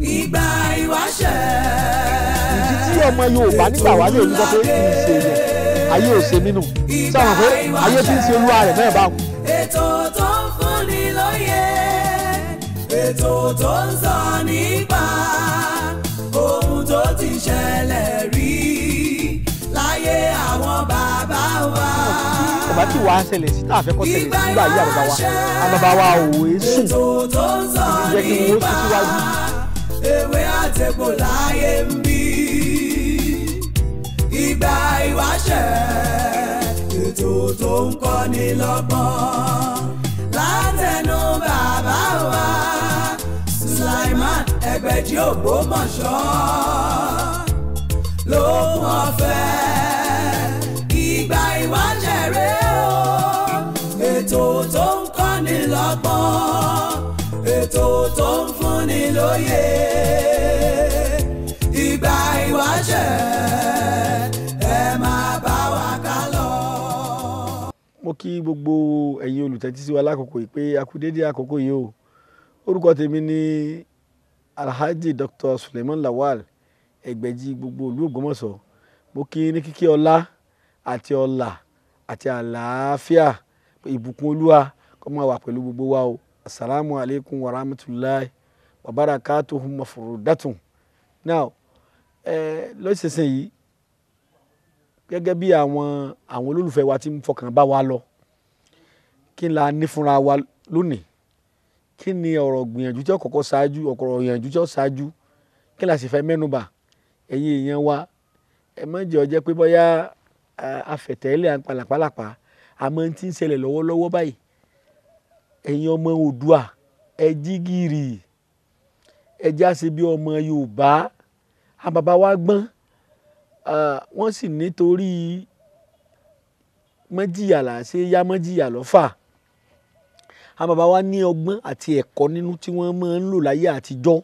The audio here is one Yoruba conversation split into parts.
ìgbà ìwáṣẹ̀. ìdí tí ọmọ Yorùbá nígbà wà lè rúbọ pé kì í ṣe yẹn ayé ò ṣe mí nù sáwọn pé ayé tí ń ṣe olúwa rẹ̀ náà bá wọn. ètò tó ń fúnni lóye ètò tó ń sọ nípa ohun tó ti ṣẹlẹ̀ rí láyé àwọn bàbá wa bàbá tí wàá ṣẹlẹ̀ sí tàfẹ́ kọ́ ṣẹlẹ̀ sí nígbà yí àbàbà wa àbàbà wa ò wé sùn ìjẹ́ kí wọ́n sún síwájú tèwé àtẹ̀gbò láyé ń bí ìgbà ìwáṣẹ̀ ètò tó ń kọ́ni lọ́gbọ́n látẹnu bàbá wa Sulaiman Ẹgbẹ̀jì Ògbómọ̀ṣọ́ ló mú ọ̀fẹ́ ìgbà ìwáṣẹ̀ rèé o ètò tó ń kọ́ni lọ́gbọ́n ètò tó ń fúnni lóye ìgbà ìwáṣẹ̀ ẹ máa bá wa ká lọ. mo kí gbogbo ẹ̀yin olùtẹ́tí lákòókò yìí pé a kú déédéé àkókò yìí o orúkọ tèmi ni alhaji dr suleiman lawal ẹgbẹ̀jì gbogbo ìlú Ògbómọ̀ṣọ́ mo kí ní kíkí ọlá àti ọlà àti àlàáfíà ìbùkún olúwa kó máa wà pẹ̀lú gbogbo wa o assalamu alaikum wa rahmatulahi wa barakatuhu mafurudatun now eh, lọ́sẹ̀sẹ̀ yìí gẹ́gẹ́ bí àwọn àwọn olólùfẹ́ wa ti ń fọkàn bá wa lọ kí n la ní fúnra wa lónìí kí ni ọ̀rọ̀ gbìyànjú tí ó kọ́kọ́ ṣáájú ọ̀rọ̀ gbìyànjú tí ó ṣáájú kí la sì fẹ́ mẹ́nubà ẹ̀yin èèyàn wa ẹ má jẹ́ ó jẹ́ pé bóyá afẹ̀tẹ́lẹ̀ àpàlàpàlàpà àmọ́ ti ń ṣẹlẹ̀ lọ́wọ́lọ́wọ́ báyìí ẹ̀yin ọmọ Oòduà ẹ jí gìrì ẹ já ṣe bí ọmọ Yorùbá àwọn bàbá wa gbọ́n wọ́n sì nítorí mọ́jìyà là ṣe yá mọ́jìyà lọ́fà àwọn bàbá wa ní ọgbọ́n àti ẹ̀kọ́ nínú tí wọ́n máa ń lò láyé àtijọ́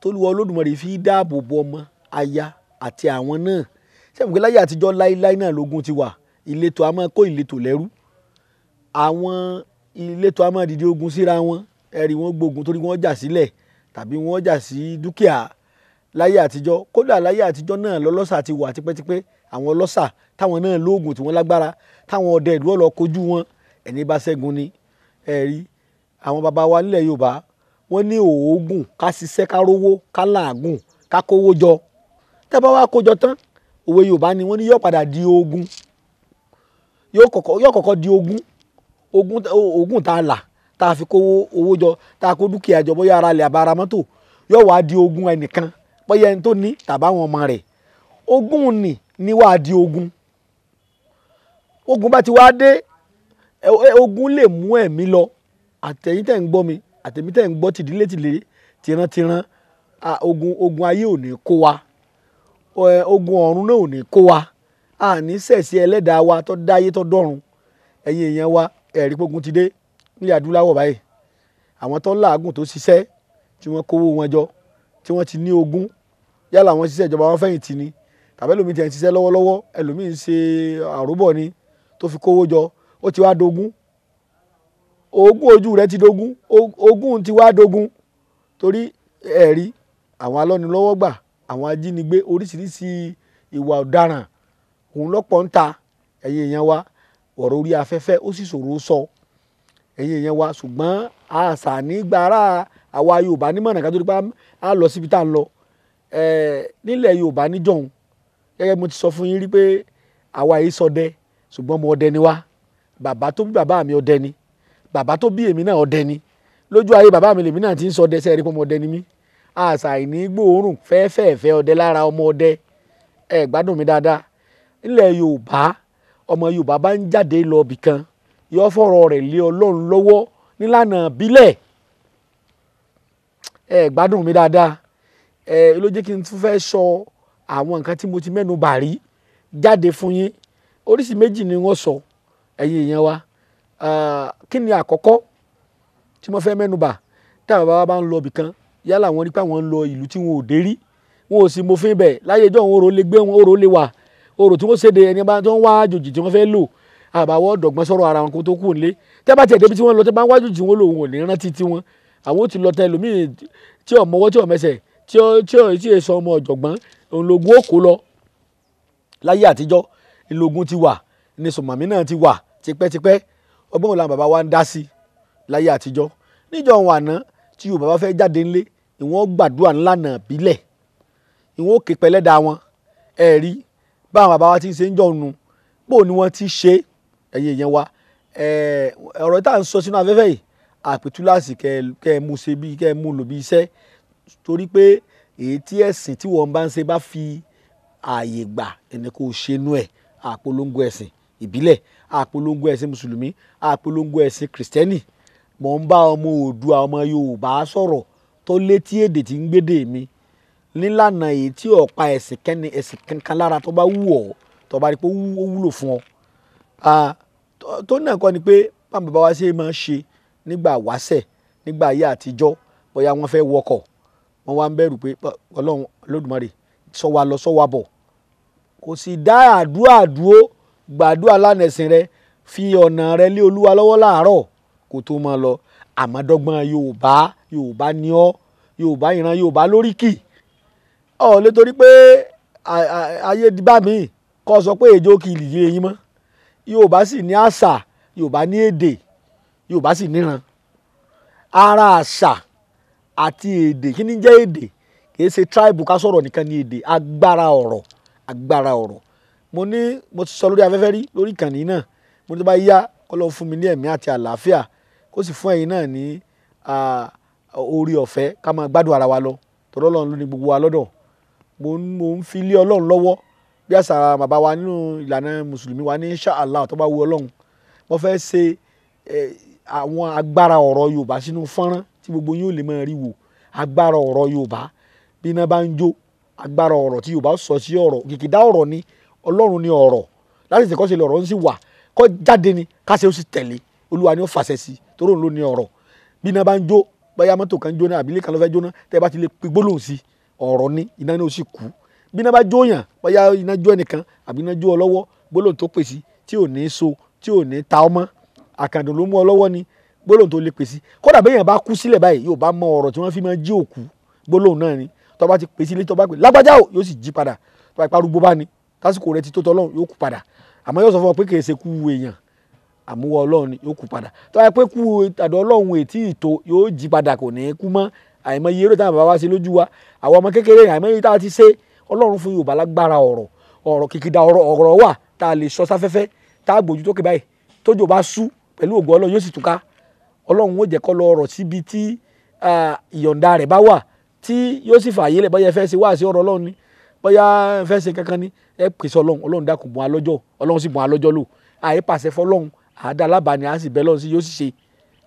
t'Olúwa Olódùmarè fi dáàbò bo ọmọ aya àti àwọn náà sẹ́wọ̀n pé láyé àtijọ́ láíláí náà lógun ti wà ìletò a máa kó ìletò lẹ́rú àwọn ìletò a máa ogun síra wọn ẹ̀rí wọn gbógun torí wọn jà sílẹ̀ tàbí wọn jà sí dúkìá láyé àtijọ́ kódà láyé àtijọ́ náà lọ́lọ́ṣà ti wà tipẹ́tipẹ́ àwọn ọlọ́ṣà táwọn náà lóògùn tí wọ́n lágbára táwọn ọdẹ ìlú ọ̀lọ́ kojú wọn ẹni bá ṣẹ́gun ni ẹ̀rí àwọn baba wa nílẹ̀ Yorùbá wọ́n ní òògùn ká ṣiṣẹ́ ká rówó ká làágùn ká kówó jọ tẹ́ bá wá kójọ tán òwe Yorùbá ni wọ́n ní yóò padà di ogun yóò kọ́kọ́ di ogun Ogun ogún tá a là tá a fi kówó owó jọ tá a kó dúkìá jọ bóyá ara lẹ̀ àbára mọ́tò yóò wá di ogún ẹnìkan bóyá ẹni tó ní tàbá àwọn ọmọ rẹ̀ ogún ni ni wàá di Ogun ogún bá ti wá dé ogún lè mú ẹ̀mí lọ àtẹ̀yìn tẹ̀ ń gbọ́ mi àtẹ̀mí tẹ̀ ń gbọ́ tìdílé tìlé tìrantìran ogun ogun ayé ò ní kó wa ogun ọ̀run náà ò ní kó wa a ní sẹ̀sí ẹlẹ́dàá wa tó dáyé tó dọ́run ẹ̀yin èèyàn wa ẹ̀rí gbógun ti dé nílẹ̀ adúláwọ̀ báyìí àwọn tó ń làágùn tó ṣiṣẹ́ tí wọ́n kówó wọn jọ tí wọ́n ti ní ogún yálà wọ́n ṣiṣẹ́ ìjọba wọn fẹ̀yìntì ni tàbí ẹlòmíì ti ẹ̀ ń ṣiṣẹ́ lọ́wọ́lọ́wọ́ ẹlòmíì ń ṣe àròbọ̀ ni tó fi kówó jọ ó ti wá dogun ogún ojú rẹ̀ ti dogun ogún ti wá dogun torí ẹ̀rí àwọn alọ́nilọ́wọ́gbà àwọn ajínigbé oríṣiríṣi ìwà ọ̀daràn òun lọ́pọ̀ ń ta ẹ̀yin èèyàn wa ọ̀rọ̀ orí afẹ́fẹ́ ó sì ṣòro sọ ẹ̀yin yẹn wa ṣùgbọ́n àṣà nígbàrà àwa yorùbá nímọ̀ràn ká tó dípa á lọ síbi tá à ń lọ nílẹ̀ yorùbá níjọ̀hún gẹ́gẹ́ mo ti sọ fún yín rí pé àwa yìí ṣọdẹ ṣùgbọ́n mo ọdẹ ni wá bàbá tó bí bàbá mi ọdẹ ni bàbá tó bí èmi náà ọdẹ ni lójú ayé bàbá mi lèmi náà ti ń ṣọdẹ sẹ́ẹ̀rí pé ọmọ ọdẹ ni mí àṣà ìní gbòòrùn fẹ́ẹ́fẹ́ẹ̀fẹ́ ọdẹ lára ọmọ ọdẹ ẹ̀ gbádùn mi dáadáa nílẹ̀ yorùbá ọmọ Yorùbá bá ń jáde lọ bì kan yóò fọ̀rọ̀ lé Ọlọ́run lọ́wọ́ nílànà bílẹ̀ ẹ gbádùn mi dáadáa ẹ ló kí n tún fẹ́ sọ àwọn nǹkan tí mo ti mẹ́nu bà rí jáde fún yín oríṣi méjì ni wọ́n sọ ẹ̀yin èèyàn wa kí ni àkọ́kọ́ tí mo fẹ́ mẹ́nu bà tí àwọn bàbá bá ń lọ bì kan yálà wọ́n rí pé àwọn ń lọ ìlú tí wọn ò dé rí wọn ò sì mọ̀fin bẹ̀ láyé ìjọ òun ò rò lè gbé wọn ò rò lè wà orò tí wọ́n ṣèdè ẹni bá tó ń wá àjòjì tí wọ́n fẹ́ lò àbáwọ́ dọ̀gbọ́n sọ̀rọ̀ ara wọn kó tó kù nílé tẹ́ bá tiẹ̀ débi tí wọ́n lọ tẹ́ bá ń wá àjòjì wọn lòun ò ní rántí tiwọn àwọn ò ti lọ tẹ ẹlòmíì tí ò mọwọ́ tí ò mẹsẹ̀ tí ò tí ò tí èso ọmọ ọ̀jọ̀gbọ́n òǹlògùn ó kó lọ láyé àtijọ́ ìlògùn ti wà ní sùmọ̀mí náà ti wà tipẹ́tipẹ́ ọgbọ́n òun làwọn bàbá wa ń dá sí láyé àtijọ́ níjọ́ òun àná tí Yorùbá bá fẹ́ jáde ńlé ìwọ́n gbàdúrà ńlànà bílẹ̀ ìwọ́n òkè pẹ̀lẹ́dà wọn ẹ̀rí báwọn bàbá wa ti ń ṣe ń jọ nu bó ni wọ́n ti ṣe ẹ̀yẹ yẹn wa ọ̀rọ̀ tá à ń sọ sínú afẹ́fẹ́ yìí àpètúláàsì kẹ́ ẹ mú ṣe bí kẹ́ ẹ mú lò bí iṣẹ́ torí pé èyí tí ẹ̀sìn tí wọ́n bá ń ṣe bá fi ààyè gbà ẹni kò ṣe nú ẹ̀ àpolongo ẹ̀sìn ìbílẹ̀ àpolongo ẹ̀sìn mùsùlùmí àpolongo ẹ̀sìn kìrìsìtẹ́nì mò ń bá ọmọ Oòduà ọmọ Yorùbá sọ̀rọ̀ tó létí èdè tí ń gbédè mi nílànà èyí tí ọ̀pá ẹ̀sìn kẹ́ni ẹ̀sìn kankan lára tó bá wù ọ́ tó bá rí pé ó wúlò fún ọ. tó náà kọ́ ni pé báwọn bàbá wa ṣe máa ń ṣe nígbà wáṣẹ̀ nígbà ayé àtijọ́ bóyá wọ́n fẹ́ wọkọ̀ wọ́n wá ń bẹ̀rù pé ọlọ́run lódùmarè sọ wa lọ sọ wa bọ̀ kò sì dá àdúrà dúró gbàdúrà lánàẹ̀sìn rẹ fi ọ̀nà rẹ lé olúwa lọ́wọ́ láàárọ̀ kó tó máa lọ àmọ́ dọ́gbọ́n yorùbá yorùbá ni ọ́ yorùbá ìran yorùbá lóríkì ọ̀ lè torí pé ayé di bá mi kọ́ sọ pé èjò kìlì yé eyín mọ́ yorùbá sì ní àṣà yorùbá ní èdè yorùbá sì níran ara àṣà àti èdè kí ni jẹ́ èdè kìí ṣe tribe ká sọ̀rọ̀ nìkan ní èdè agbára ọ̀rọ̀ agbára ọ̀rọ̀ mo ní mo ti sọ lórí afẹ́fẹ́ rí lórí ìkànnì náà mo ní tó bá yá kọ́ lọ fún mi ní ẹ̀mí àti àlàáfíà kó sì fún ẹ̀yin náà ní orí ọ̀fẹ́ ká máa gbádùn ara wa lọ tọ́lọ́lọ́run ló ní gbogbo wa lọ́dọ̀ mo mo ń fi lé ọlọ́run lọ́wọ́ bí àṣà bàbá wa nínú ìlànà mùsùlùmí wa ní insha Allah tó bá wu ọlọ́run mo fẹ́ ṣe àwọn agbára ọ̀rọ̀ yorùbá sínú fọ́nrán tí gbogbo yín ò lè máa rí wò agbára ọ̀rọ̀ yorùbá bí iná bá ń jó agbára ọ̀rọ̀ tí yorùbá sọ sí ọ̀rọ̀ kìkìdá ọ̀rọ̀ ni ọlọ́run ni ọ̀rọ̀ láti ṣèkọ́ ṣe lọ̀rọ̀ ń sì wà kọ́ jáde ni káṣe ó sì tẹ̀lé olúwa ni ó fàṣẹ sí torí òun ló ní ọ̀rọ̀ bí iná bá ń jó báyà mọ́tò kan jóná àbílẹ̀ kan ló fẹ́ jóná tẹ́ bá ti lè pe gbólóhùn sí i ọ̀rọ̀ ni iná ni ó sì kú bí iná bá jó yàn bóyá iná jó ẹnìkan àbí iná jó ọ gbólóhùn tó pèsè tí ò ní so tí ò ní ta ọmọ àkàndùn ló mú ọ lọ́wọ́ ni gbólóhùn tó lè pèsè kódà bẹ́ẹ̀ yàn bá kú sílẹ̀ báyìí yóò bá mọ ọ̀rọ̀ tí wọ́n fi máa jí òkú gbólóhùn náà ni tó bá ti pèsè ilé tó bá pè lágbájá o yóò sì jí padà tó bá ipa arúgbó bá ni tásìkò rẹ ti tó tọ́lọ́run yóò kú padà àmọ́ yóò sọ fún ọ pé kì í ṣe kú èèyàn àmúwọ ọlọ́run yóò kú padà tó pé kú àdó ọlọ́run ètí ìtò yóò jí padà kò ní kú mọ́ àìmọye eré táwọn bàbá wa ṣe lójú wa àwọn ọmọ kékeré àìmọye tá a ti ṣe ọlọ́run fún Yorùbá lágbára ọ̀rọ̀ ọ̀rọ̀ kìkìdá ọ̀rọ̀ wà tá a lè sọ sáfẹ́fẹ́ tá a gbójú tókè báyìí tójò bá sú pẹ̀lú ògùn ọlọ́run yóò sì túká ọlọ́run ó jẹ́ kọ́ lọ ọ̀rọ̀ síbi tí ìyọ̀ǹda rẹ̀ bá wà tí yóò sì fààyè lẹ̀ bóyá ẹ fẹ́ ṣe wáàsí ọ̀rọ̀ ọlọ́run ni bóyá ẹ fẹ́ ṣe kankan ni ẹ pèsè ọlọ́run ọlọ́run dákun bùn alọ́jọ́ ọlọ́run sì bùn alọ́jọ́ lò àyè pàṣẹ fọlọ́run àádálábàání à ń sì bẹ́ lọ́run sí yóò sì ṣe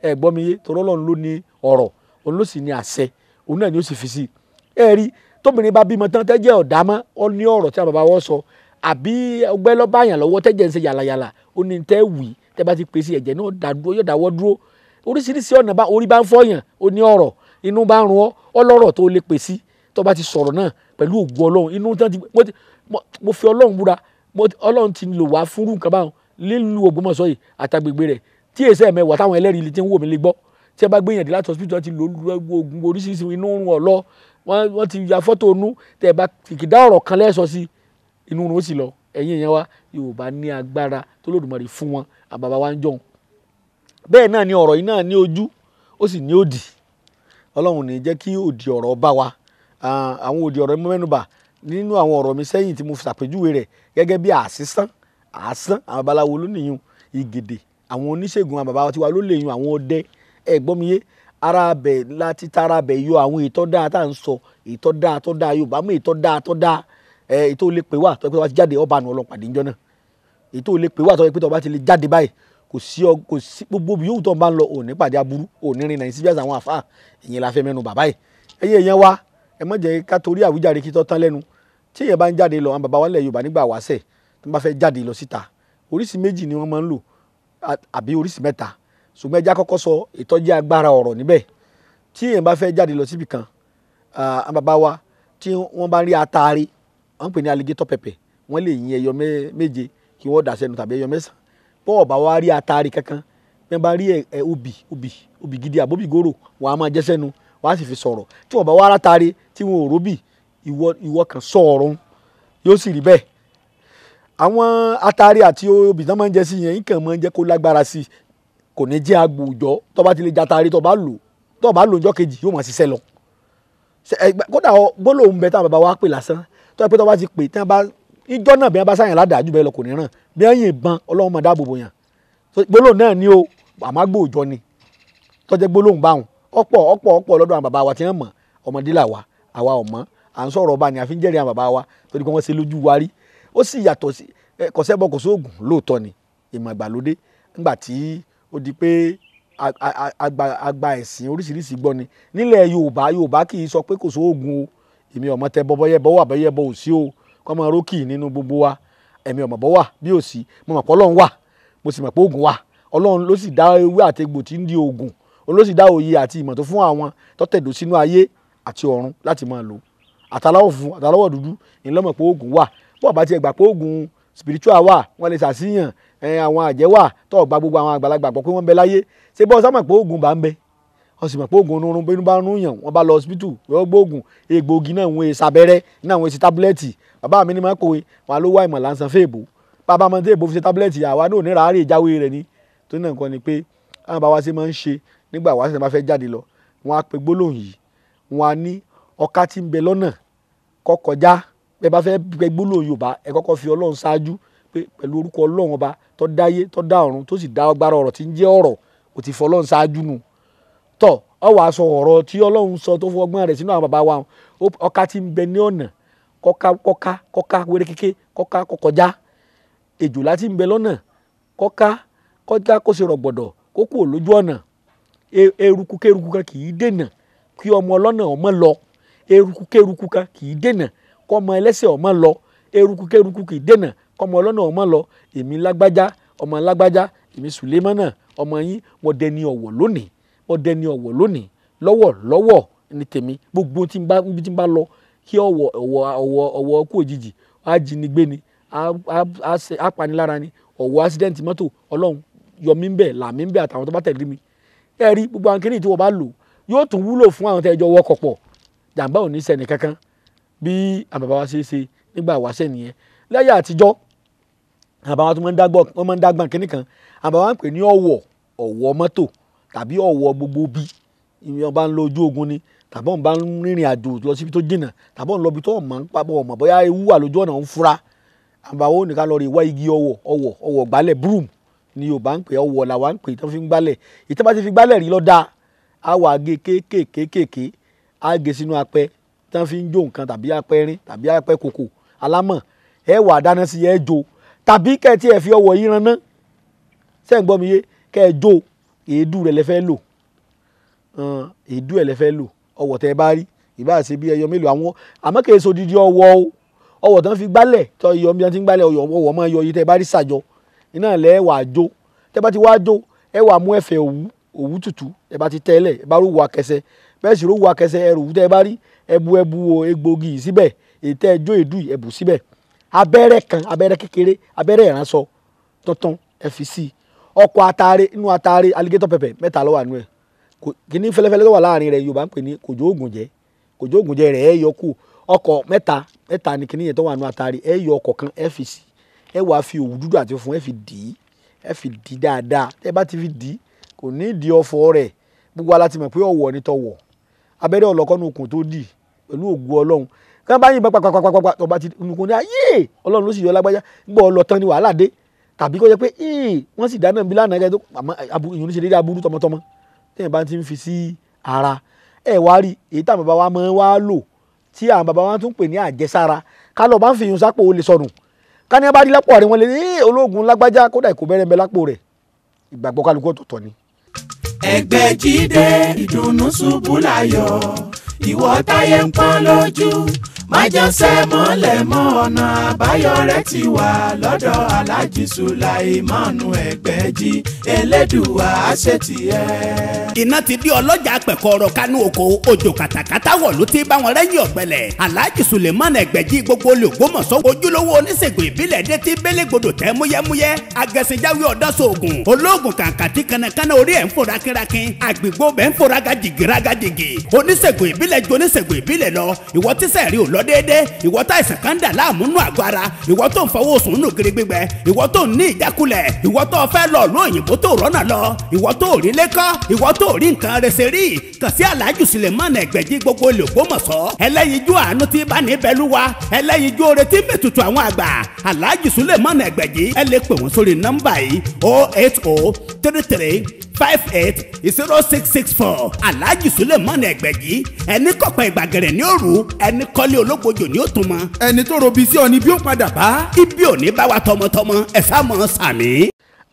ẹ gbọ́ mi yé torọ́lọ́run ló ní ọ̀rọ̀ òun ló sì ní àṣẹ òun náà ni ó sì fi sí ẹ rí tóbìnrin bá bímọ tán tẹ́jẹ́ ọ̀dá mọ́ ọ ní ọ̀rọ̀ tí a bàbá wọ́n sọ àbí ọgbẹ́ lọ́bàyàn lọ́wọ́ tẹ́jẹ́ ń ṣe yàlàyàlà ó ní tẹ́ wì tẹ́ bá ti pè sí ẹ̀jẹ̀ náà yóò dáwọ́ dúró oríṣiríṣi ọ̀nà bá orí bá ń fọyàn ó ní ọ̀rọ̀ inú bá ń run ọ́ ọlọ́rọ̀ tó lè pè sí tó bá ti sọ̀rọ̀ náà pẹ̀lú ògùn ọlọ́run inú tán ti mo fi ọlọ́run búra ọlọ́run ti lò wá fúnrú nǹkan báwọn lílu Ògbómọ̀ṣọ́ yìí àtàgbègbè rẹ̀ tí èsè mẹ́wàá táwọn ẹlẹ́rìí ti ń wò mí lè gbọ́ tí ẹ bá gbé láti hospital ti lo oògùn oríṣiríṣi inú oorun ọ̀lọ́ wọ́n ti ya fọ́tò onú tẹ́ ẹ bá kìkìdá ọ̀rọ̀ kan lẹ́sọ sí inú oorun ó sì lọ ẹ̀yìn yẹn wá Yorùbá ní agbára tó lòdùmarè fún wọn àbàbà wa ń jọun bẹ́ẹ̀ náà ni ọ̀rọ̀ yìí náà ní ojú ó sì ní òdì Ọlọ́run ní jẹ́ kí òdì ọ̀rọ̀ bá wa àwọn òdì ọ̀rọ̀ mẹ́nuba nínú àwọn ọ̀rọ̀ mi sẹ́yìn tí mo ṣàpèjúwe rẹ̀ gẹ́gẹ́ bí àṣìṣán àṣán àwọn babaláwo ló nìyún ìgèdè àwọn oníṣègùn àbàbà tiwa ló lè yun àwọn ọdẹ ẹ̀gbọ́miyé ara abẹ láti tara abẹ yọ àwọn ìtọ́ dáa tá à ń sọ ìtọ́ dáa tọ́ dáa Yorùbá mú ìtọ́ dáa tọ́ dáa ẹ̀ ètò olè pé wà tọ́ pé wọ́n ti jáde ọba àná ọlọ́pàá níjọ́ náà ètò olè pé wà tọ́ pé tọ́ bá ti lè jáde báyìí kò sí ọ kò sí gbogbo bí yóò tọ́ bá ń lọ òní pàdé aburú òní rin nàìjíríà àwọn àfa ìyẹn la fẹ́ mẹ́nu bàbá yìí ẹyẹ èèyàn wa ẹ mọ̀ jẹ́ ká torí àwíjàre kí tọ́ tán lẹ́nu tí èèyàn bá ń jáde lọ àwọn bàbá wa lẹ̀ Yorùbá nígbà wáṣẹ̀ tó bá fẹ́ jáde lọ síta oríṣi méjì ni wọ́n máa ń lò àbí oríṣi mẹ́ta ṣùgbọ́n ẹja kọ́kọ́ sọ ìtọ́jú agbára ọ̀rọ̀ níbẹ̀ tí èèyàn bá fẹ́ jáde lọ síbi kan bàbá wa tí wọ́n bá rí ataare wọ́n pè ní alligator pepper wọ́n lè yin ẹyọ méje kí wọ́n dà sẹ́nu tàbí ẹyọ mẹ́sàn-án bọ́ọ̀ bá wa rí ataare kankan bí wọ́n bá rí ẹ obì obì obì gidi àbóbì gòrò wọ́n á máa jẹ́ sẹ́nu wọ́n á sì fi sọ̀rọ̀ tí wọ́n bá wa rátaare tí wọ́n ò róbì ìwọ ìwọ kan sọ ọ̀rọ̀ yóò sì rí bẹ́ẹ̀ àwọn ataare àti obì tán máa ń jẹ sí yẹn nǹkan máa ń jẹ́ kó lágbára sí kò ní jẹ́ agbòòjọ́ tó bá ti lè jatari tó bá lò tó bá lò ọjọ́ kejì yóò máa ṣiṣẹ́ lọ. kódà gbólóhùn bẹ táwọn bàbá wa pè lásán tó yẹ pé tó bá ti pè tí wọ́n bá ijọ́ náà bí wọ́n bá sáyàn ládàá jù bẹ́ẹ̀ lọ kò ní ràn bí wọ́n yìnbọn ọlọ́run máa dáàbò bò yàn gbólóhùn náà ni o àmọ́ agbòòjọ́ ni tó jẹ́ gbólóhùn báwọn ọ̀pọ̀ ọ̀pọ̀ ọ̀pọ̀ lọ́dọ̀ àwọn bàbá wa ti hàn mọ̀ ọmọdé là wa àwa ọ̀mọ́ à ń sọ̀rọ̀ ọba ni àfi ń jẹ́rìí àwọn bàbá wa torí pé wọ́n ṣe lójú wa rí ó sì yàtọ̀ sí kọ̀sẹ́bọ kò sóògùn lóòótọ́ ni ìmọ̀ ìgbàlódé ńgbà tí ó di pé àgbà ẹ̀sìn oríṣiríṣi gbọ́ ni nílẹ̀ yorùbá yorùbá kì í sọ pé kò sóògùn o èmi ọmọ tẹ bọ́ bọ́yẹ bọ́ wà bọ́yẹ bọ́ ò sí o kọ́ mọ rókì nínú gbogbo wa èmi ọmọ bọ́ wà bí ò sí mo mọ̀ pé ọlọ́run wà mo sì mọ̀ pé ògùn wà ọlọ́run ló sì dá ewé àtegbò tí ń di ògùn ló sì dá òye àti ìmọ̀ tó fún àwọn tọ́tẹ̀dó sínú ayé àti ọ̀run láti máa lò àtàláwọ̀ funfun àtàláwọ̀ dúdú ìlọ́mọ̀ pé ògùn wà bọ́ọ̀ bá tiẹ̀ gbà pé ògùn spiritual wà wọ́n lè ṣàṣìyàn àwọn àjẹwà tó ọgbà gbogbo àwọn àgbàlagbà gbọ́ pé wọ́n ń bẹ láyé ṣé bọ́ sámọ̀ pé oògùn bá ń bẹ wọ́n sì mọ̀ pé oògùn onírun bínú bá ń rúyàn wọ́n bá lọ hospital yọ gbóògùn egbòogi náà wọ́n èsì abẹ́rẹ́ náà wọ́n èsì tábúlẹ́ẹ̀tì bàbá mi ni máa kòwe wọn ló wá ìmọ̀ lansan fèèbù bàbá mi tèèbù fi ṣe tábúlẹ́ẹ̀tì àwa náà ní ràárẹ̀ ìjáwé rẹ̀ ni tó náà kọ́ ni pé àwọn bàbá ṣe máa ń ṣe nígbà wàá ṣẹ̀ṣẹ̀ máa fẹ́ jáde lọ wọn á pe gbólóhùn yìí wọn á ní ọká tí ń bẹ lọ́nà kọ́kọ́já bẹ́ẹ̀ bá fẹ́ gbólóhùn Yorùbá ẹ kọ́kọ́ fi Ọlọ́run ṣáájú pé pẹ̀lú orúkọ ọlọ́run ọba tó dáyé tó dá ọ̀run tó sì dá agbára ọ̀rọ̀ tí ń jẹ́ ọ̀rọ̀ kò ti fọlọ́run ṣáájú nu tọ́ ọ wàá sọ ọ̀rọ̀ tí ọlọ́run sọ tó fọ ọgbọ́n rẹ̀ sínú àwọn bàbá wa ọka ti ń bẹ ní ọ̀nà kọ́ka kọ́ka kọ́ka wéré kéke kọ́ka kọkọjá láti ń bẹ lọ́nà kọ́ka kó ṣe rọ̀gbọ̀dọ̀ kó ọ̀nà kan e, kì eruku kan kì í dènà kọ́mọ ọlọ́nà ọmọ lọ èmi lágbájá ọmọ lágbájá èmi sùlẹ́mọ́nà ọmọ yín mo dẹni ọ̀wọ̀ lónìí mo dẹni ọ̀wọ̀ lónìí lọ́wọ́ lọ́wọ́ ni tèmi gbogbo tí n bá ibi tí n bá lọ kí ọ̀wọ̀ ọ̀wọ̀ ọ̀wọ̀ ọ̀wọ̀ kú òjijì ajínigbé ni apanilára ni ọ̀wọ̀ accident mọ́tò ọlọ́run yọmí ń bẹ̀ làmí ń bẹ̀ àtàwọn tó bá tẹ̀lé mi ẹ rí gbogbo àwọn kìnìún tí wọ́n bá lò yóò tún wúlò fún àwọn tẹ́jọ́ wọkọ̀ pọ̀ jàǹbá ò ní ṣẹni kankan bí àbàbà wa ṣe ṣe nígbà wáṣẹ́ nìyẹn lẹ́yà àtijọ́ àbáwọn tó máa ń dágbọn kínní kan àbáwọn pè ní ọ̀wọ̀ ọ̀wọ̀ mọ́tò tàbí ọ̀wọ̀ gbogbo bí ìyẹn bá ń lo ojú ogun ni tàbí òun bá ń rìnrìn àjò lọ síbi tó jìnnà tàbí òun lọ ibi tó ọmọ ń pa ọmọ bóyá ewu wà lójú ọ̀nà ń fura àbáwọn òní ká lọ rí ìwá igi ọ̀wọ̀ ọ̀wọ̀ ọ̀wọ̀ gbálẹ̀ broom ni Yorùbá ń pè ọ̀wọ̀ làwa ń pè tó fi ń gbálẹ̀ ìtọ́ bá ti fi gbálẹ̀ rí lọ́dà á wà gé kéékèèké á gé sínú apẹ tó fi ń jó nǹkan tàbí apẹrin tàbí apẹ kòkò alámọ̀ ẹ wà dáná sí ẹ jó tàbí kẹ́ ẹ ti ẹ̀ fi ọwọ́ yìí ran ná ṣé ń gbọ́ mi yé kẹ́ ẹ jó èédú rẹ̀ lẹ fẹ́ lò èédú ẹ̀ lẹ fẹ́ lò ọwọ́ tẹ́ ẹ bá rí ìbá ṣe bí ẹyọ mélòó àwọn àmọ́ kì í so didi ọwọ́ o ọwọ́ tán fi gbálẹ̀ tó yọ bí wọ́n ti ń gbálẹ̀ ọwọ́ máa yọ yìí tẹ́ ẹ bá rí sàjọ iná lẹ́ wà á jó tẹ́ bá ti wá jó ẹ wà mú ẹ̀fẹ̀ òwú òwú tútù ẹ bá ti tẹ́lẹ̀ ẹ bá rò wà kẹsẹ̀ bẹ́ẹ̀ sì rò wà kẹsẹ̀ ẹ rò òwú tẹ́ ẹ bá rí ẹ bu ẹ bu egbògi síbẹ̀ ètẹ́ ẹjọ́ èdú ẹ bù síbẹ̀ abẹ́rẹ́ kan abẹ́rẹ́ kékeré abẹ́rẹ́ ìránṣọ tuntun ẹ fi sí ọkọ̀ atare inú atare alligator pepe mẹ́ta ló wà nù ẹ̀ kìíní fẹ́lẹ́fẹ́lẹ́ wà láàrin rẹ̀ yorùbá ń pè ní kòjó ògùn kòjó rẹ̀ atare yọ kan fi òwú dúdú àti fún fi dì ti fi dì í kò ní ìdí rẹ̀ gbogbo ni tọ̀wọ̀ abẹ́rẹ́ tó dì pẹ̀lú kí wọ́n bá yìnbọn pàpàpàpàpà tó bá ti nùkún ní ayé ọlọ́run ló sì yọ lágbájá gbọ́ ọ lọ tán ni wàhálà dé tàbí kó jẹ́ pé wọ́n sì dáná bí lánàá gẹ́gẹ́ tó ìyọ̀n ní ṣe déédéé aburú tọmọtọmọ téèyàn bá ti ń fi sí ara ẹ̀ wá rí èyí táwọn bàbá wa máa wá lò tí àwọn bàbá wa tún pè ní àjẹsára ká lọ bá ń fi ìyún sápò ó lè sọnù ká ní abá rí lápò rẹ̀ wọ́n lè ní ológun lágbájá kódà ìkó bẹ́rẹ̀ ń táyé ń pọ́n lójú májànsẹ́ mọ́lẹ̀ mọ́ ọ̀nà àbáyọ rẹ̀ ti wà lọ́dọ̀ aláàjì sùláìmánu ẹgbẹ́jì elédùwà àṣetì ẹ̀. iná ti di ọlọ́jà pẹ̀kọ́rọ̀ kánú oko òjò kàtàkàtà wọ̀ ló ti bá wọn rẹ́yìn ọ̀pẹ̀lẹ̀ aláàjì sùláìmánu ẹgbẹ́jì gbogbo olùgbòmọ̀sọ́ ojúlówó oníṣègùn ìbílẹ̀ dé ti bélégbodò tẹ́ múyẹ́múyẹ́ agẹ̀sìnjáwé ọ̀dọ́sọ̀ọ̀gùn olóògùn kàǹkàtì kanakana orí ẹ̀ ń fò rákínrakín àgbègbè ọbẹ̀ ń fò rágàjìgì rágàjìgì oníṣègùn ìbílẹ̀ jóníṣègùn ìbílẹ̀ lọ ìwọ tíṣẹ́ rí ò lọ lọ déédéé ìwọ táìsàn kan dà láàmú nù àgọ́ ara ìwọ tó ń fọwọ́ sùn nù gírí gbígbẹ ìwọ tó ń ní ìjákulẹ̀ ìwọ tó fẹ́ lọ ló òyìnbó tó rọ́nà lọ ìwọ tó rí lẹ́kọ́ ìwọ tó rí nǹkan rẹsẹ̀ rí kàn sí aláàjù Suleiman Ẹgbẹ̀jì gbogbo l'Ògbómọ̀ṣọ́ ẹlẹ́yinjú àánú tí bá ní bẹ́lúwa ẹlẹ́yinjú oore tí mẹ́tutù àwọn àgbà aláàjù Suleiman Ẹgbẹ̀jì ẹ lè pè wọ́n sórí nọ́mbà yìí 08033 five eight zero six six four alhaji suleiman ẹgbẹ̀jì ẹni kọ̀pẹ́ ìgbàgẹ̀rẹ̀ ní òru ẹni kọ́lé ológbojò ní òtúmọ. ẹni tó robi sí ọ ni bí ó padà bá. ibi ò bá wa tọmọtọmọ ẹ sá mọ sàmì.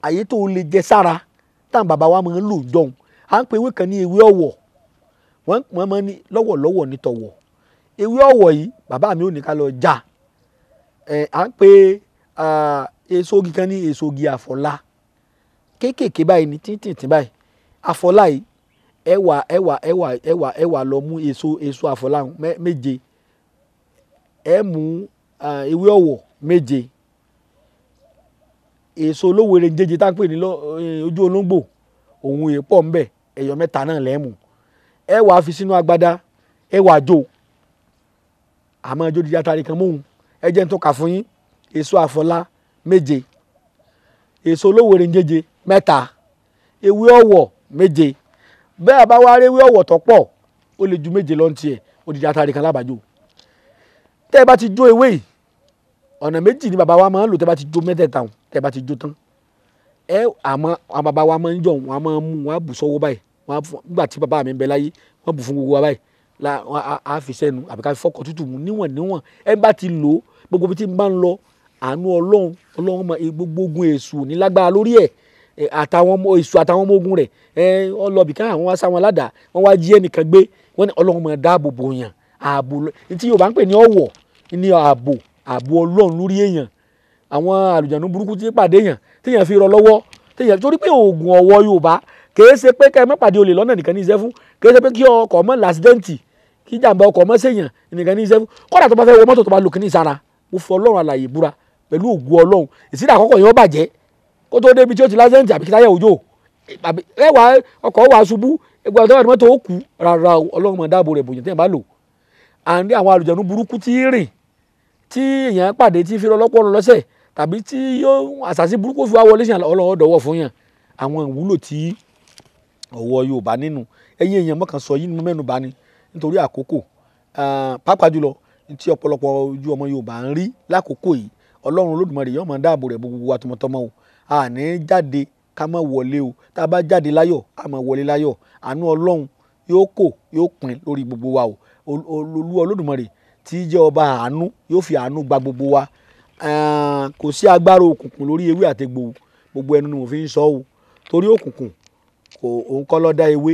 àyè tó o lè jẹ sára táwọn bàbá wa máa ń lò jọun à ń pe ewé kan ní ewé ọ̀wọ̀ wọ́n máa ń ní lọ́wọ̀lọ́wọ̀ ní tọ̀wọ̀ ewé ọ̀wọ̀ yìí bàbá mi ò ní ká lọ já à ń pe èso ogi kan ní èso ogi àfọ̀lá kéékèèké báyìí ní tíntìntín báyìí àfọlá ẹwà ẹwà ẹwà ẹwà ẹwà lọ mú èso èso àfọlá méje ẹ mú ewé ọ̀wọ̀ méje èso olówere jẹjẹ tá à ń pè ní ojú olóńgbò òun èè pọ̀ mbẹ ẹyọ mẹ́ta náà lẹ́mù ẹ wàá fi sínú agbada ẹ wàá jó àmọ́ ẹjọ́ dídí atari kan mọ́hún ẹ jẹ́ ń tọ́ka fún yín èso àfọlá méje èso olówere jẹjẹ mẹ́ta ewé ọ̀wọ̀ méje bẹ́ẹ̀ bá wá rí ewé ọ̀wọ̀ tó pọ̀ ó lè ju méje lọ́n tiẹ̀ odidi atari kan lábàjọ́ tẹ́ ẹ bá ti jó ewé yìí ọ̀nà méjì ni bàbá wa máa ń lò tẹ́ ẹ bá ti jó mẹ́tẹ̀ẹ̀ta hùn tẹ́ ẹ bá ti jó tán ẹ àmọ́ àwọn bàbá wa máa ń jọ wọn a máa mú wọn á bù sọ́wọ́ báyìí wọn á fún nígbà tí bàbá mi ń bẹ láyé wọn bù fún gbogbo wa báyìí la wọn á fi sẹ́nu àbí ká fi fọ́kọ̀ tútù mu níwọ̀n níwọ̀n ẹ bá ti lò ó gbogbo bí ti ń bá ń lọ àánú ọlọ́run ọlọ́run gbogbo ogun èṣù ní lórí ẹ̀ àtàwọn ọmọ èso àtàwọn ọmọ ogun rẹ̀ ọlọ́ọ̀bì ká àwọn wá sá wọn ládàá wọ́n wá jí ẹnìkan gbé wọ́n ní ọlọ́run máa dáàbò bò yàn ààbò tí yorùbá ń pè ní ọ̀wọ̀ ní ààbò ààbò ọlọ́run lórí èèyàn àwọn àlùjànnú burúkú ti pàdé yàn téèyàn fi rọ lọ́wọ́ téèyàn torí pé oògùn ọ̀wọ́ yorùbá kèé ṣe pé ká ẹ má pàdé olè lọ́nà nìkan ní iṣẹ́ fún kèé ṣe pé kí ọkọ̀ mọ́ làṣídẹ́ǹtì kí jàǹbá ọkọ̀ mọ́ sèèyàn nìkan ní iṣẹ́ fún kọ́dà tó bá fẹ́ wọ mọ́tò tó bá lò kíní sára mo fi ọlọ́run àlàyé búra pẹ̀lú ògùn ọlọ́run ìsídà àkọ́kọ́ yẹn ó bàjẹ́ kó tó débi tí ó ti lásẹ̀ǹtì àbí kítáyà òjò àbí ẹwà ọkọ̀ wà ṣubú egbò àti ọmọdé mọ́tò ó kú rárá ọlọ́run máa dáàbò rẹ̀ bòyìn tí èèyàn bá lò à ń rí àwọn àlùjẹ̀nu burúkú tí ń rìn tí èèyàn pàdé tí fi lọ́pọ̀ lọ lọ́sẹ̀ tàbí tí yóò àṣàṣì burúkú fi wá wọlé sí ọlọ́run dọ̀wọ́ fún yàn àwọn ìwúlò tí ọ̀wọ́ Yorùbá nínú ẹ̀yin èèyàn mọ́kàn sọ yìí mẹ́nu bá ní ojú ọmọ Yorùbá ń rí lákòókò yìí ọlọ́run Olódùmarè yóò máa dáàbò rẹ̀ gbogbo àtọmọtọmọ o àní jáde ká má wọlé o tá a bá jáde láyọ̀ a má wọlé láyọ̀ àánú ọlọ́run yóò kò yóò pin lórí gbogbo wa o olúwa olódùmarè tí jẹ́ ọba àánú yóò fi àánú gba gbogbo wa kò sí agbára òkùnkùn lórí ewé àtegbò gbogbo ẹnu ni mo fi ń sọ o torí òkùnkùn òun kọ́ ló dá ewé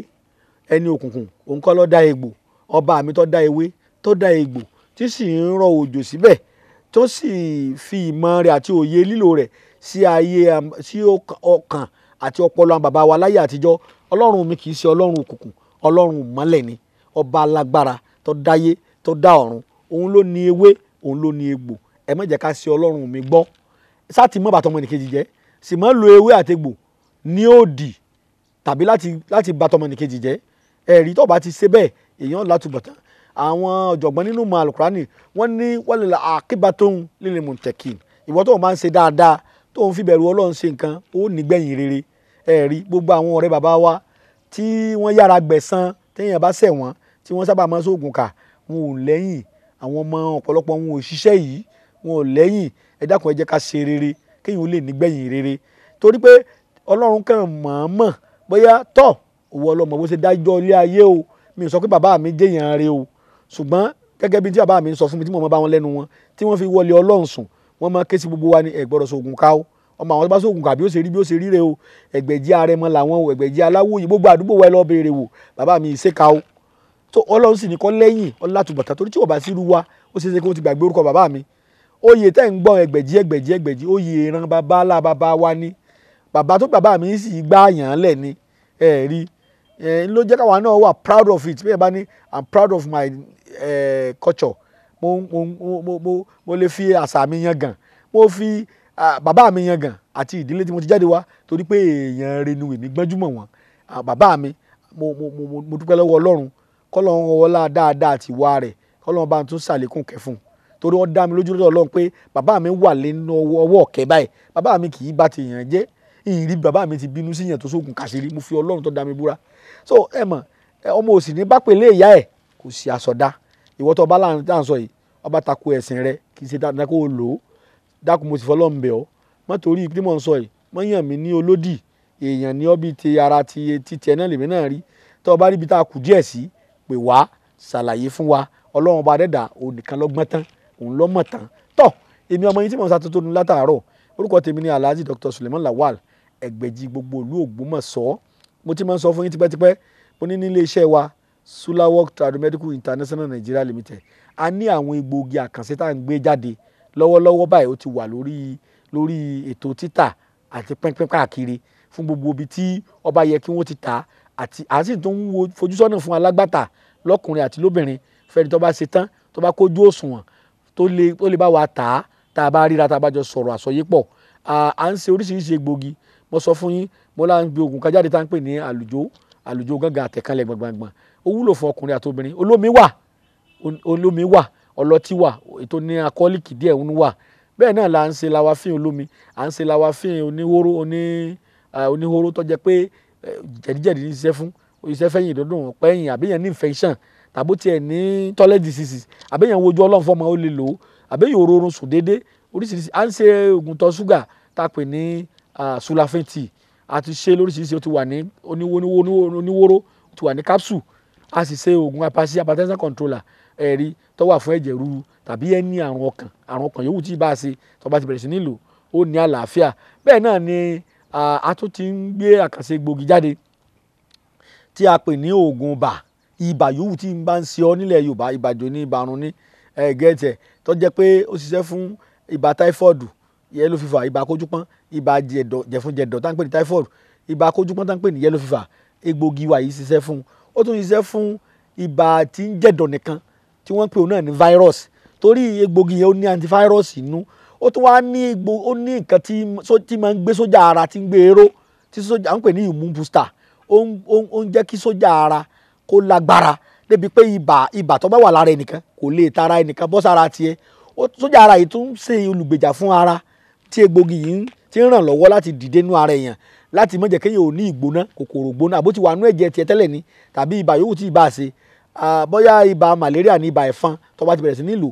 ẹni òkùnkùn òun kọ́ ló dá egbò ọba mi tó dá ewé tó dá egbò tí sì ń rọ òjò síbẹ̀ tó sì fi ìmọ̀ rẹ̀ àti òye lílò rẹ̀ sí ayé um, sí ọkàn àti ọpọlọ àwọn bàbá wa láyé àtijọ́ ọlọ́run mi kì í ṣe ọlọ́run òkùnkùn ọlọ́run mọ́lẹ̀ ni ọba alágbára tó dáyé tó dá ọ̀run òun ló ní ewé òun ló ní egbò ẹ má jẹ́ ká ṣe ọlọ́run mi gbọ́ sáàtì mọ́ bàtọ́ ọmọnìkejì jẹ́ sì mọ́ lo ewé àtegbò ní òdì tàbí láti bàtọ́ ọmọnìkejì jẹ́ ẹ̀rí tó bá ti ṣe bẹ́ẹ̀ èèyàn látúbọ̀tán àwọn ọ̀jọ̀gbọ́n nínú mọ wọ́n ní wọ́n lè la àkíbátóhun lílẹ̀ mọ̀tẹ́kì ìwọ́n tó máa ń ṣe dáadáa tó ń fi bẹ̀rù ọlọ́run ṣe nǹkan ó nígbẹ̀yìn rere ẹ rí gbogbo àwọn ọ̀rẹ́ bàbá wa tí wọ́n yára gbẹ̀san téèyàn bá ṣẹ̀ wọ́n tí wọ́n sábà máa ń ṣoògùn kà wọn ò lẹ́yìn àwọn ọmọ ọ̀pọ̀lọpọ̀ wọn ò ṣiṣẹ́ yìí wọn ò lẹ́yìn ẹ dákun ẹ jẹ́ ká ṣe rere kéèyàn ó lè nígbẹ̀yìn rere torí pé ọlọ́run kàn mọ̀ọ́mọ̀ bóyá tọ̀ òwò ọlọ́mọ bó ṣe dájọ́ ilé ayé o mi ò sọ pé bàbá mi jẹ́yàn rẹ o ṣùgbọ́n gẹ́gẹ́ bí tí bàbá mi sọ fún mi tí mo mọ bá wọn lẹ́nu wọn tí wọ́n fi wọlé ọlọ́run sùn wọ́n máa ké sí gbogbo wa ní ẹ̀gbọ́dọ̀ sóògùn ká o ọmọ àwọn tó bá sóògùn kà bí ó ṣe rí bí ó ṣe ríre o ẹgbẹ̀jì arẹmọ làwọn o ẹgbẹ̀jì aláwọ̀ yìí gbogbo àdúgbò wa ẹ lọ́ọ́ béèrè wò bàbá mi ìṣèkà o tó ọlọ́run sì ní kọ́ lẹ́yìn ọlátùbọ̀tà torí tí ò bá sí ru wa ó ṣe é ṣe kí wọ́n ti gbàgbé orúkọ bàbá mi oyè tẹ́ ń gbọ́n ẹgbẹ̀jì ẹgbẹ̀jì ẹgbẹ̀jì oyè ìran bàbá alá bàbá wa ni bàbá tó bàbá mi sì gbá yàn lẹ̀ ni ẹ rí ẹ ló jẹ́ káwa náà wà proud of it bí ẹ bá ní i'm proud of my uh, culture mo mo mo mo mo le fi àṣà mi yan gàn mo fi bàbá mi yan gàn àti ìdílé tí mo ti jáde wá torí pé èèyàn renu èmi gbọ́njúmọ̀ wọn bàbá mi mo mo mo mo dúpẹ́ lọ́wọ́ ọlọ́run kọ́lọ́run ọlá dáadáa àti ìwà rẹ̀ kọ́lọ́run bá ń tún ṣàlékún kẹfún torí wọ́n dá mi lójú lọ́dọ̀ ọlọ́run pé bàbá mi wà lẹ́nu ọwọ́ ọ̀kẹ́ báyìí bàbá mi kì í bá ti yàn jẹ́ ìrì bàbá mi ti bínú síyàn tó sóògùn kàṣírí mo fi ọlọ́run tó dá mi búra so ẹ mọ̀ ọmọ òsì ní bá pèlè ìyá ẹ̀ kò sí àsọdá ìwọ tó ọba là ń sọ yìí ọba tako ẹ̀sìn rẹ kì í ṣe dandan kó o lò ó dákun mo sì fọlọ́ ń bẹ̀ ọ́ mọ́ torí pé mò ń sọ yìí mọ́ yàn mí ní olódì èèyàn ní ọ́bí ti ara ti títẹ náà lèmi náà rí tó ọba ríbi tá a kù díẹ̀ sí pè wá ṣàlàyé fún wa ọlọ́run ọba dẹ́dà òǹkan lọ́gbọ́n tán òun lọ́mọ̀ tán tọ́ èmi ọmọ yín tí mò ń sàtótó ní látàárọ̀ orúkọ tèmi ni alhaji dr suleiman lawal ẹgbẹ̀jì gbogbo ìlú ògbómọ̀ṣọ́ mo ti máa ń sọ fún yín tipẹ́tipẹ́ mo ní ní ilé wa sulawok tradomedical international nigeria limited a ní àwọn egbòogi àkànṣe tá à ń gbé jáde lọ́wọ́lọ́wọ́ báyìí ó ti wà lórí lórí ètò títà àti pínpín káàkiri fún gbogbo ibi tí ọba yẹ kí wọ́n ti tà àti àti tó ń fojúsọ́nà fún alágbàtà lọ́kùnrin àti lóbìnrin fẹ́ni tó bá ṣe tán tó bá kójú òṣùwọ̀n tó lè tó lè bá wa tà á tá a bá ríra tá a bá jọ sọ̀rọ̀ àsọyépọ̀ à ń ṣe oríṣiríṣi egbògi mo sọ fún yín mo láǹgbé oògùn kájáde tá à ń pè ní àlùjó àlùjó gángan àtẹ̀kánlẹ̀ gbọ̀ngbọ̀ngbọ̀n ó wúlò fún ọkùnrin àti obìnrin olómi wà olómi wà ọlọ́tí wà ètò ní akọ́líkì díẹ̀ ń wà bẹ́ẹ̀ náà la ń ṣe lawafin olómi à ń ṣe lawafin oníhóró oní oníhóró tó jẹ́ pé jẹ̀díjẹ̀dí ní ṣiṣẹ́ fún iṣẹ́ fẹ́yìn ìdọ́dún pẹ́yìn àbíyàn ní infection tàbó tiẹ̀ ní toilet diseases àbíyàn wojú ọlọ́run fọmọ ó lè lò ó àbíyàn òróorun sùn déédéé oríṣiríṣi à ń ṣe oògùn tọ ṣúgà tá a pè ní sulafin tea àti ṣe lóríṣiríṣi ó ti wà ní oníwóró ó ti wà ní capsule a sì ṣe oògùn apasi hypertension controller ẹ̀rí tó wà fún ẹ̀jẹ̀ ríru tàbí ẹni àrùn ọkàn àrùn ọkàn yòówù tí ì bá ṣe tó bá ti bẹ̀rẹ̀ sí nílò ó ní àlàáfíà bẹ́ẹ̀ náà ni a tún ti ń gbé àkànṣe gbòógì jáde tí a pè ní oògùn ibà ibà yòówù tí n bá ń ṣe ọ nílẹ̀ Yorùbá ìbàjò ní ìbàrún ní gẹ́tẹ̀ tó jẹ́ pé ó ṣiṣẹ́ fún ibà táífọ́ọ̀dù yẹ́lò fífà ibà kójúpọ́n ó tún ṣiṣẹ́ fún ibà tí ń jẹ̀dọ̀ nìkan tí wọ́n ń pè òun náà ní virus torí egbògi yẹn ó ní antivirus inú ó tún wá ní egbò ó ní nǹkan tí máa ń gbé sójà ara tí ń gbé eró tí sójà ń pè ní immune booster ó ń jẹ́ kí sójà ara kó lágbára débi pé ibà ibà tó bá wà lára ẹnìkan kò lè tara ẹnìkan bọ́ sára tiẹ̀ sójà ara yìí tún ṣe olùgbèjà fún ara tí egbògi yìí ti ń ràn lọ́wọ́ láti dìde nú ara èèyàn láti mọ̀jẹ̀ kéèyàn ò ní ìgbóná kòkòrò gbóná àbó ti wà nú ẹ̀jẹ̀ tiẹ̀ tẹ́lẹ̀ ni tàbí ibà yòówù tí ibà ṣe bóyá ibà malaria ni ibà ẹ̀fọn tó bá ti bẹ̀rẹ̀ sí nílò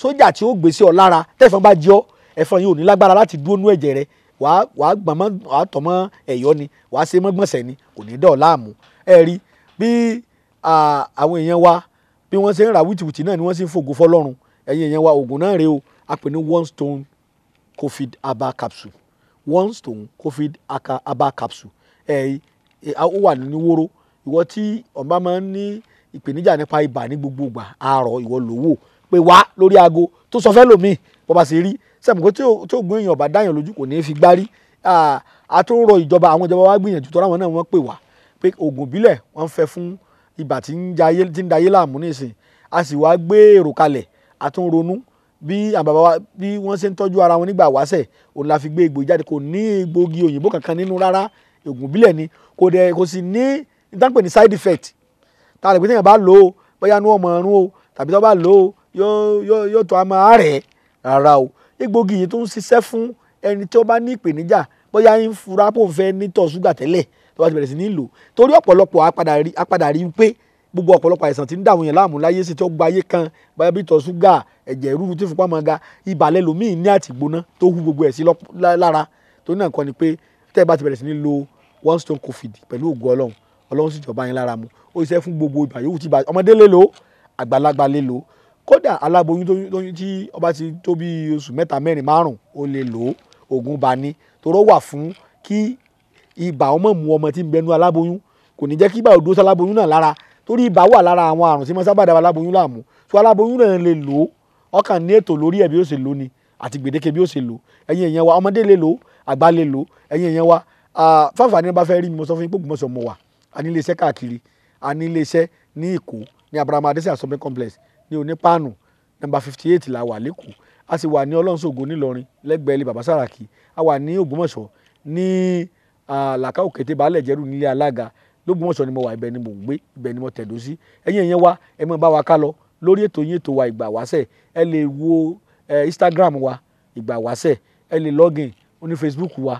sójà tí ó gbé sí ọ lára tẹ̀fọn bá jẹ́ ọ ẹ̀fọn yìí ò ní lágbára láti dúró nú ẹ̀jẹ̀ rẹ wàá wàá gbọ̀n mọ́ wàá tọ̀ mọ́ ẹ̀yọ́ ni wàá ṣe mọ́ gbọ̀nsẹ̀ ni kò ní dọ̀ láàmú ẹ rí bí àwọn èèyàn wa bí wọ́n ṣe ń ra wìtìwìtì náà ni wọ́n sì ń fògo fọlọ́run ẹ̀yin èèyàn wa oògùn náà rèé o a pè ní one stone covid herbal capsule one stone covid aka aba capsule ẹ ẹ ó wà ní wóró ìwọ tí ọba máa ń ní ìpèníjà nípa ibà ní gbogbo ìgbà àárọ̀ ìwọ ló wò pé wá lórí aago tó sọ fẹ́ lòmíì bó bá ṣe rí sẹ́mi pé tí ògùn èèyàn ọba dáyàn lójú kò ní í fi gbárí a tó ìjọba àwọn ìjọba wa gbìyànjú tọ́ra àwọn náà wọ́n pè wá pé oògùn ìbílẹ̀ wọ́n ń fẹ́ fún ibà tí ń da ayé láàmú nísìn a sì wá gbé èrò kalẹ̀ a bí àbàbà wa bí wọ́n ṣe ń tọ́jú ara wọn nígbà wáṣẹ̀ òun la fi gbé egbò jáde kò ní egbògi òyìnbó kankan nínú rárá oògùn bílẹ̀ ni kò dẹ̀ kò sì ní ìtànpẹ̀ ní side effect tá lè pè téèyàn bá lò ó bóyá inú ọmọ ọrùn o tàbí tó bá lò ó yóò yóò tó a máa rárá o egbògi yìí tó ń ṣiṣẹ́ fún ẹni tó bá ní ìpèníjà bóyá ń fura pò ń fẹ́ nítọ̀ ṣúgà tẹ́lẹ̀ tó bá ti bẹ̀rẹ̀ sí ní lò torí ọ̀pọ̀lọpọ̀ apadà rí apadà gbogbo ọ̀pọ̀lọpọ̀ àìsàn tí ń dà àwọn èèyàn láàmú láyé sí tí ó gba ayé kan báyọ̀ bí ìtọ̀ ṣúgà ẹ̀jẹ̀ ríru tí fúnpá máa ga ìbàlẹ̀ lòmíì ní àtìgbóná tó hu gbogbo ẹ̀ sí lára tó ní nǹkan ni pé tẹ́ ẹ bá ti bẹ̀rẹ̀ sí ní lo one stone covid pẹ̀lú ògùn ọlọ́run ọlọ́run sì jọba yín lára mu ó ṣiṣẹ́ fún gbogbo ibà yòówù tí ọmọdé lè lò àgbàlagbà lè lò kódà aláboyún tí ó bá ti tó bí oṣù mẹ́ta mẹ́rin márùn ó lè lò ògùn bá ní torọ́ wà fún kí ibà ọmọ mu ọmọ tí aláboyún náà lára torí ibà wà lára àwọn àrùn tí mo sábà dá aláboyún láàmú tó aláboyún náà lè lò ó ọkàn ní ètò lórí ẹ̀ bí ó ṣe lò ni àti gbèdéke bí ó ṣe lò ẹ̀yin èèyàn wa ọmọdé lè lò àgbà lè lò ẹ̀yin èèyàn wa fáfà ní bá fẹ́ rí mi mo sọ fún yín pé Ògbómọ̀ṣọ́ mo wà a ní iléeṣẹ́ káàkiri a ní iléeṣẹ́ ní Èkó ní Abraham Adesina shopping complex ní onípaanu number fifty eight la wà lẹ́kọ̀ọ́ a sì wà ní ọlọ́nṣogo nílọrin lẹ́gbẹ̀ẹ́ ilé bàbá Sàràkí a wà ní Ògbómọ̀ṣọ́ ní làkàókété balẹ̀ nílé alága l'Ógbómọ̀ṣọ́ ni mo wà ibẹ̀ ni mo gbé ibẹ̀ ni mo tẹ̀dó sí ẹ̀yin ẹ̀yẹn wa ẹ máa bá wa ká lọ lórí ètò yín ètò wa ìgbà wáṣẹ̀ ẹ lè wo Instagram wa ìgbà wáṣẹ̀ ẹ lè login oní Facebook wa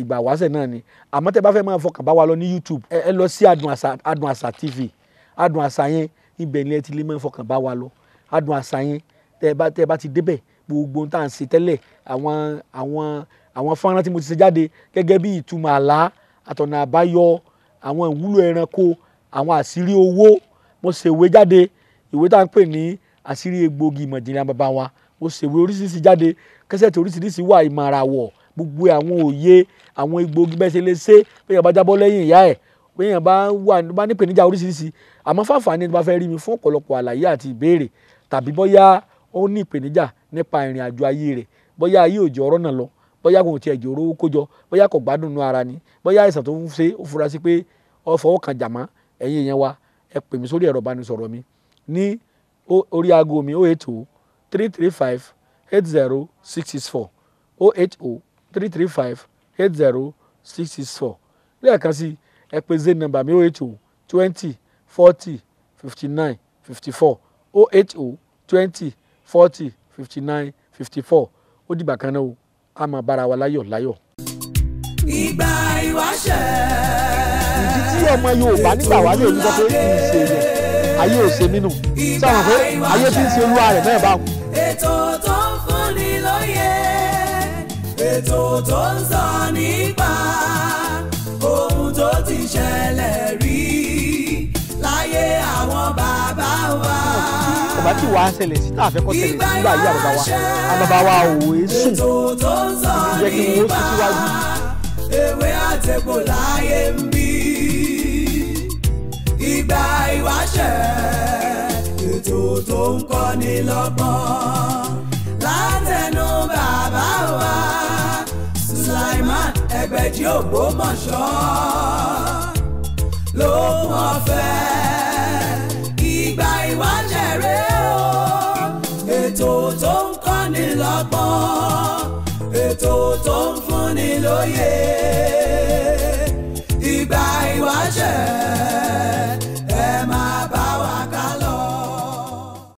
ìgbà wáṣẹ̀ náà ni àmọ́ tẹ́ bá fẹ́ máa fọkàn bá wa lọ ní YouTube ẹ lọ sí Adùn Àṣà TV Adùn Àṣà yẹn ibẹ̀ ni ẹ ti lè máa fọkàn bá wa lọ Adùn Àṣà yẹn tẹ́ bá tẹ́ bá ti débẹ̀ gbogbo tá à ń ṣe tẹ́lẹ̀ àwọn fọ́nrán tí mo ti ṣe jáde gẹ́gẹ́ bí ìtumọ̀ àlá àtọ̀nà àbáyọ àwọn ìwúlò ẹranko àwọn àṣírí owó mo ṣèwé jáde ìwé tá à ń pè ní àṣírí egbògi ìmọ̀jìnlẹ̀ bàbá wa mo ṣèwé oríṣiríṣi jáde kẹsẹ̀tì oríṣiríṣi wà ìmọ̀ ara wọ̀ gbogbo àwọn òye àwọn egbògi bẹ́ẹ̀ ṣe lè ṣe bẹ́ẹ̀ yẹn bá jábọ́ lẹ́yìn ìyá ẹ̀ bẹ́ẹ̀ yẹn bá wà bá ní ìpèníjà oríṣiríṣi àmọ́ fáfàní ni bá fẹ́ rí mi fún ọ̀pọ̀lọpọ̀ àlàyé àti ìbéèrè tàbí bóyá ó ní ìpèníjà nípa ìrìn àjò ayé rẹ̀ bóyá ayé òjò ọ̀rọ̀ náà lọ bóyá kò tiẹ̀ jòrò owó kójọ bóyá kò gbádùn nú ara ni bóyá àìsàn tó ń ṣe ó fura sí pé ó fọwọ́ kan jàmá ẹ̀yin èèyàn wa ẹ pè mí sórí ẹ̀rọ ìbánisọ̀rọ̀ mi ní orí aago mi oh eight lẹ́ẹ̀kan sí ẹ pè zen number mi oh eight oh twenty forty fifty nine fifty four oh eight oh twenty forty fifty ó dìgbà kan náà o a máa bára wa láyọ̀ láyọ̀. ìgbà ìwáṣẹ̀. ìdí tí ọmọ Yorùbá nígbà wà lè rí sọ pé kì í ayé ò ṣe mínú sáwọn pé ayé tí ń ṣe olúwa rẹ̀ náà bá ètò tó ń fúnni lóye ètò tó ń sọ nípa ohun tó ti ṣẹlẹ̀ rí. bá tí wàá ṣẹlẹ̀ sí tá a fẹ́ kọ́ ṣẹlẹ̀ nígbà yí àbàbà wa àbàbà wa ò é sùn jẹ́ kí wọ́n sùn síwájú. ewé àtẹ̀kọ́ láyé ń bí ìgbà ìwáṣẹ̀ ètò tó ń kọ́ni lọ́gbọ́n látẹnu bàbá wa Sulaiman Ẹgbẹ̀jí Ògbómọ̀ṣọ́ ló mọ̀ fẹ́ẹ́. ètò tó ń kọ́ni lọ́gbọ́n ètò tó ń fúnni lóye ìgbà ìwáṣẹ̀.